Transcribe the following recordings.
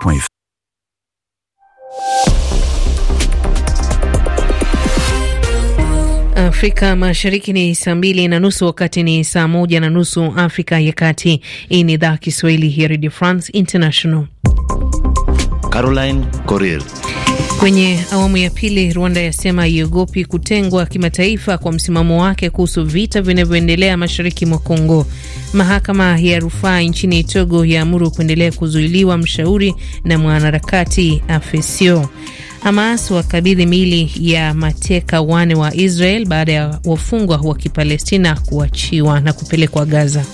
Point Afrika Mashariki ni saa mbili na nusu, wakati ni saa moja na nusu Afrika ya Kati. Hii ni idhaa Kiswahili ya Radio France International. Caroline Corrier Kwenye awamu ya pili, Rwanda yasema iogopi kutengwa kimataifa kwa msimamo wake kuhusu vita vinavyoendelea mashariki mwa Kongo. Mahakama ya rufaa nchini Togo yaamuru kuendelea kuzuiliwa mshauri na mwanaharakati Afesio. Hamas wakabidhi miili ya mateka wane wa Israel baada ya wafungwa wa Kipalestina kuachiwa na kupelekwa Gaza.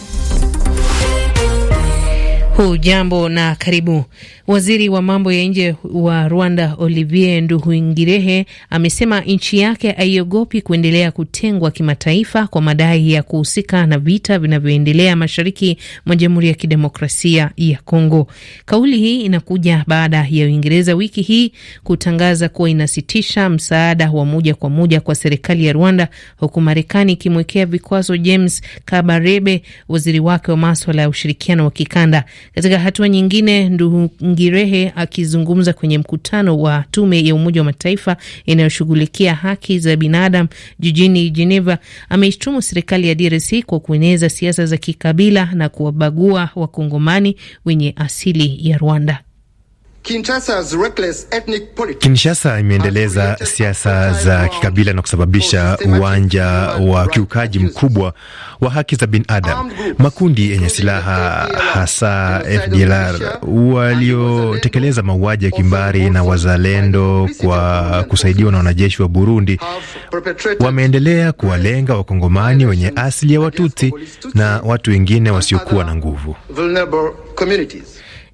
Hujambo na karibu. Waziri wa mambo ya nje wa Rwanda Olivier Nduhungirehe amesema nchi yake haiogopi kuendelea kutengwa kimataifa kwa madai ya kuhusika na vita vinavyoendelea mashariki mwa Jamhuri ya Kidemokrasia ya Kongo. Kauli hii inakuja baada ya Uingereza wiki hii kutangaza kuwa inasitisha msaada wa moja kwa moja kwa serikali ya Rwanda, huku Marekani ikimwekea vikwazo James Kabarebe, waziri wake wa maswala ya ushirikiano wa kikanda katika hatua nyingine, Nduhungirehe akizungumza kwenye mkutano wa tume ya Umoja wa Mataifa inayoshughulikia haki za binadamu jijini Geneva ameishtumu serikali ya DRC kwa kueneza siasa za kikabila na kuwabagua wakongomani wenye asili ya Rwanda. Kinshasa imeendeleza siasa za kikabila na kusababisha uwanja wa kiukaji mkubwa wa haki za binadamu. Makundi yenye silaha hasa FDLR waliotekeleza mauaji ya kimbari na wazalendo kwa kusaidiwa na wanajeshi wa Burundi wameendelea kuwalenga wakongomani wenye asili ya Watutsi na watu wengine wasiokuwa na nguvu.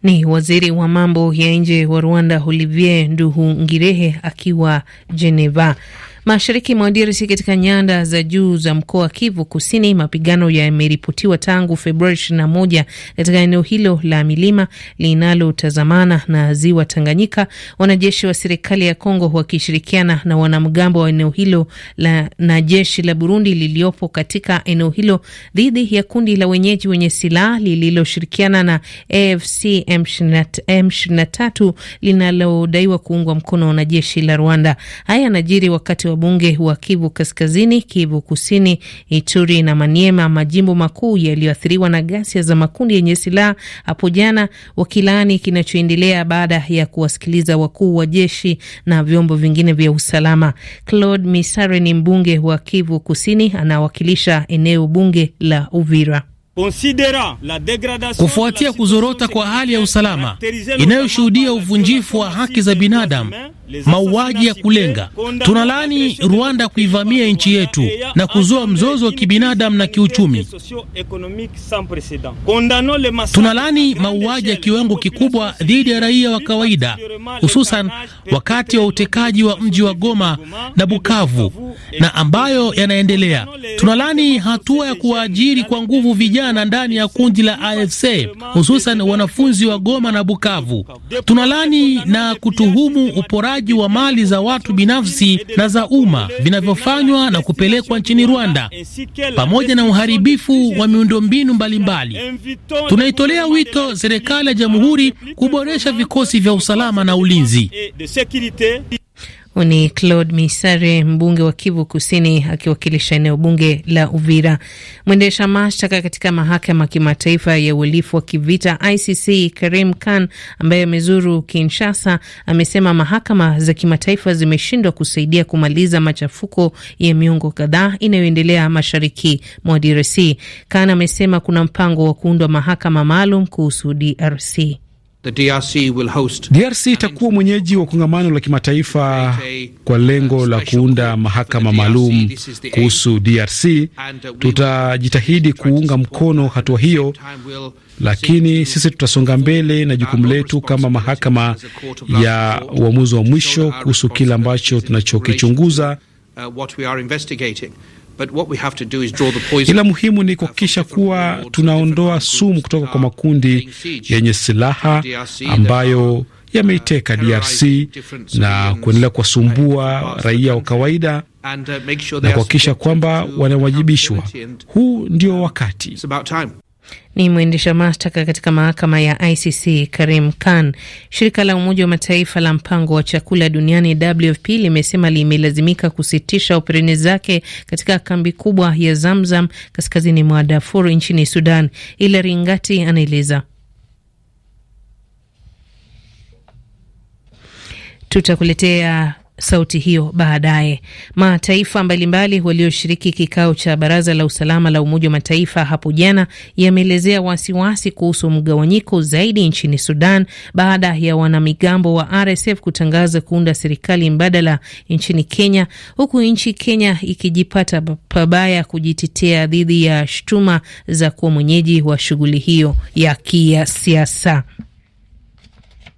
Ni waziri wa mambo ya nje wa Rwanda Olivier Nduhungirehe akiwa Geneva. Mashariki mwa DRC katika nyanda za juu za mkoa wa Kivu Kusini, mapigano yameripotiwa tangu Februari 21 katika eneo hilo la milima linalotazamana na ziwa Tanganyika, wanajeshi wa serikali ya Kongo wakishirikiana na wanamgambo wa eneo hilo la, na jeshi la Burundi liliopo katika eneo hilo dhidi ya kundi la wenyeji wenye silaha lililoshirikiana na AFC M23 linalodaiwa kuungwa mkono na jeshi la Rwanda. Haya yanajiri wakati bunge wa Kivu Kaskazini, Kivu Kusini, Ituri na Maniema, majimbo makuu yaliyoathiriwa na ghasia za makundi yenye silaha hapo jana, wakilaani kinachoendelea baada ya kuwasikiliza wakuu wa jeshi na vyombo vingine vya usalama. Claude Misare ni mbunge wa Kivu Kusini, anawakilisha eneo bunge la Uvira. Kufuatia kuzorota kwa hali ya usalama inayoshuhudia uvunjifu wa haki za binadamu mauaji ya kulenga. Tunalaani Rwanda kuivamia nchi yetu na kuzua mzozo wa kibinadamu na kiuchumi. Tunalaani mauaji ya kiwango kikubwa dhidi ya raia wa kawaida, hususan wakati wa utekaji wa mji wa Goma na Bukavu na ambayo yanaendelea. Tunalaani hatua ya kuwaajiri kwa nguvu vijana ndani ya kundi la AFC, hususan wanafunzi wa Goma na Bukavu. Tunalaani na kutuhumu uporaji uporaji wa mali za watu binafsi na za umma vinavyofanywa na kupelekwa nchini Rwanda pamoja na uharibifu wa miundombinu mbalimbali. Tunaitolea wito serikali ya jamhuri kuboresha vikosi vya usalama na ulinzi huu Ni Claude Misare, mbunge wa Kivu Kusini, akiwakilisha eneo bunge la Uvira. Mwendesha mashtaka katika mahakama kimataifa ya uhalifu wa kivita ICC Karim Khan, ambaye amezuru Kinshasa, amesema mahakama za kimataifa zimeshindwa kusaidia kumaliza machafuko ya miongo kadhaa inayoendelea mashariki mwa DRC. Khan amesema kuna mpango wa kuundwa mahakama maalum kuhusu DRC. DRC itakuwa mwenyeji wa kongamano la kimataifa kwa lengo la kuunda mahakama maalum kuhusu DRC. Uh, Tutajitahidi kuunga mkono hatua hiyo, lakini sisi tutasonga mbele na jukumu letu kama mahakama ya uamuzi wa mwisho kuhusu kile ambacho tunachokichunguza. Ila muhimu ni kuhakikisha kuwa tunaondoa sumu kutoka kwa makundi yenye silaha ambayo yameiteka DRC na kuendelea kuwasumbua raia wa kawaida uh, na kuhakikisha kwamba wanawajibishwa. Huu ndio wakati ni mwendesha mashtaka katika mahakama ya ICC Karim Khan. Shirika la Umoja wa Mataifa la mpango wa chakula duniani WFP limesema limelazimika kusitisha operesheni zake katika kambi kubwa ya Zamzam kaskazini mwa Darfur nchini Sudan. Ila Ringati anaeleza. Tutakuletea sauti hiyo baadaye. Mataifa mbalimbali walioshiriki kikao cha Baraza la Usalama la Umoja wa Mataifa hapo jana yameelezea wasiwasi kuhusu mgawanyiko zaidi nchini Sudan baada ya wanamigambo wa RSF kutangaza kuunda serikali mbadala nchini Kenya, huku nchi Kenya ikijipata pabaya kujitetea dhidi ya shutuma za kuwa mwenyeji wa shughuli hiyo ya kisiasa.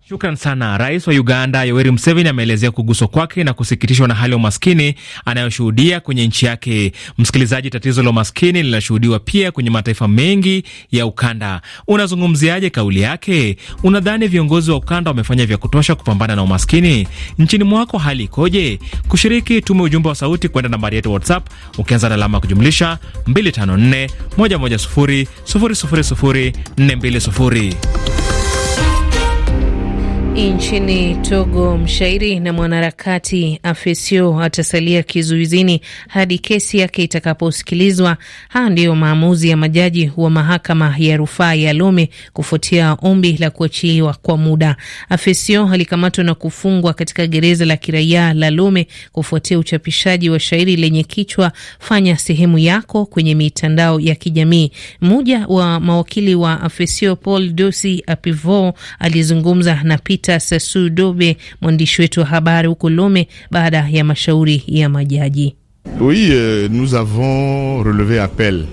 Shukran sana. Rais wa Uganda Yoweri Museveni ameelezea kuguswa kwake na kusikitishwa na hali ya umaskini anayoshuhudia kwenye nchi yake. Msikilizaji, tatizo la umaskini linashuhudiwa pia kwenye mataifa mengi ya ukanda. Unazungumziaje kauli yake? Unadhani viongozi wa ukanda wamefanya vya kutosha kupambana na umaskini? Nchini mwako hali ikoje? Kushiriki, tume ujumbe wa sauti kwenda nambari yetu WhatsApp ukianza na alama ya kujumlisha 254 110 000 420. Nchini Togo, mshairi na mwanaharakati Afesio atasalia kizuizini hadi kesi yake itakaposikilizwa. Haya ndiyo maamuzi ya majaji wa mahakama ya rufaa ya Lome kufuatia ombi la kuachiliwa kwa muda. Afesio alikamatwa na kufungwa katika gereza la kiraia la Lome kufuatia uchapishaji wa shairi lenye kichwa fanya sehemu yako kwenye mitandao ya kijamii. Mmoja wa mawakili wa Afesio, Paul Dosi Apivo, alizungumza na Peter Anita Sasu Dobe, mwandishi wetu wa habari huko Lome, baada ya mashauri ya majaji. Oui, euh, nous avons relevé appel.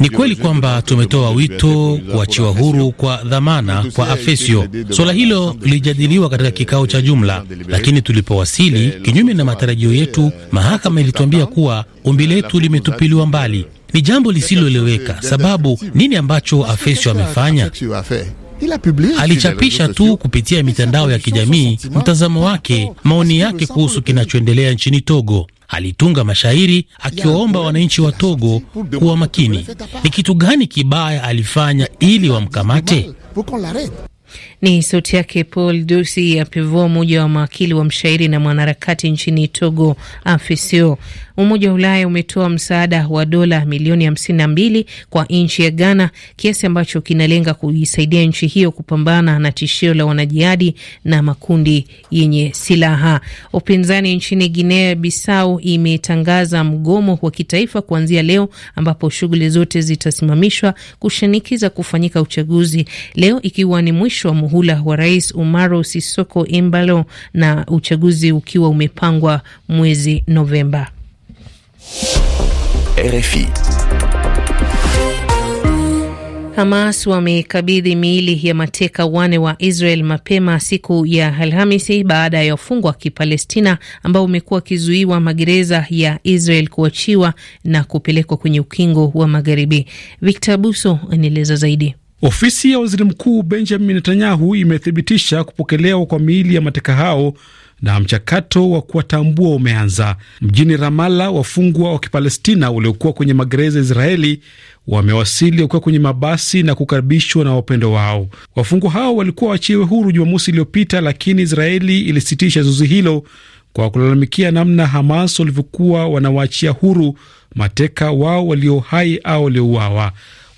Ni kweli kwamba tumetoa wito kuachiwa huru kwa dhamana kwa Afesio. Suala hilo lilijadiliwa katika kikao cha jumla, lakini tulipowasili, kinyume na matarajio yetu, mahakama ilituambia kuwa ombi letu limetupiliwa mbali. Ni jambo lisiloeleweka. Sababu nini ambacho Afesio amefanya? Alichapisha tu kupitia mitandao ya kijamii mtazamo wake, maoni yake kuhusu kinachoendelea nchini Togo. Alitunga mashairi akiwaomba wananchi wa Togo kuwa makini. Ni kitu gani kibaya alifanya ili wamkamate? Ni sauti yake Paul Dosi apevua mmoja wa mawakili wa mshairi na mwanaharakati nchini Togo, AFESIO. Umoja wa Ulaya umetoa msaada wa dola milioni mbili kwa nchi ya Ghana, kiasi ambacho kinalenga kuisaidia nchi hiyo kupambana na tishio la wanajihadi na makundi yenye silaha. Upinzani nchini Guinea Bissau imetangaza mgomo wa kitaifa kuanzia leo, ambapo shughuli zote zitasimamishwa kushinikiza kufanyika uchaguzi leo, ikiwa ni mwisho mwisho wa muhula wa rais Umaro Sisoko Imbalo na uchaguzi ukiwa umepangwa mwezi Novemba. RFI. Hamas wamekabidhi miili ya mateka wane wa Israel mapema siku ya Alhamisi baada ya wafungwa wa Kipalestina ambao umekuwa wakizuiwa magereza ya Israel kuachiwa na kupelekwa kwenye ukingo wa Magharibi. Victor Buso anaeleza zaidi. Ofisi ya waziri mkuu Benjamin Netanyahu imethibitisha kupokelewa kwa miili ya mateka hao na mchakato wa kuwatambua umeanza. Mjini Ramala, wafungwa wa Kipalestina waliokuwa kwenye magereza ya Israeli wamewasili wakiwa kwenye mabasi na kukaribishwa na wapendo wao. Wafungwa hao walikuwa wachiwe huru Jumamosi iliyopita, lakini Israeli ilisitisha zoezi hilo kwa kulalamikia namna Hamas walivyokuwa wanawaachia huru mateka wao walio hai au waliouawa.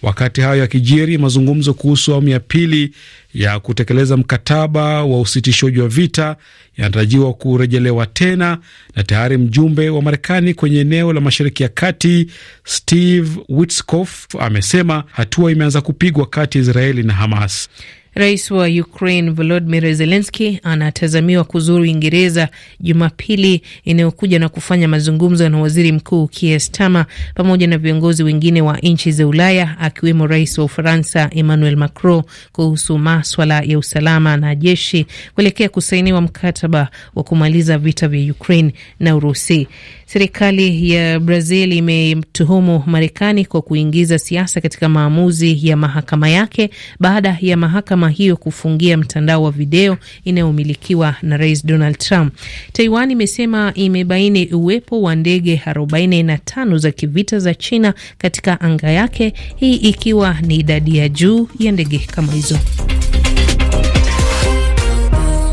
Wakati hayo yakijiri, mazungumzo kuhusu awamu ya pili ya kutekeleza mkataba wa usitishaji wa vita yanatarajiwa kurejelewa tena, na tayari mjumbe wa Marekani kwenye eneo la Mashariki ya Kati Steve Witskof amesema hatua imeanza kupigwa kati ya Israeli na Hamas. Rais wa Ukraine Volodymyr Zelensky anatazamiwa kuzuru Uingereza Jumapili inayokuja na kufanya mazungumzo na waziri mkuu Keir Starmer pamoja na viongozi wengine wa nchi za Ulaya akiwemo rais wa Ufaransa Emmanuel Macron kuhusu maswala ya usalama na jeshi kuelekea kusainiwa mkataba wa kumaliza vita vya Ukraine na Urusi. Serikali ya Brazil imemtuhumu Marekani kwa kuingiza siasa katika maamuzi ya mahakama yake baada ya mahakama mahakama hiyo kufungia mtandao wa video inayomilikiwa na Rais Donald Trump. Taiwan imesema imebaini uwepo wa ndege 45 za kivita za China katika anga yake, hii ikiwa ni idadi ya juu ya ndege kama hizo.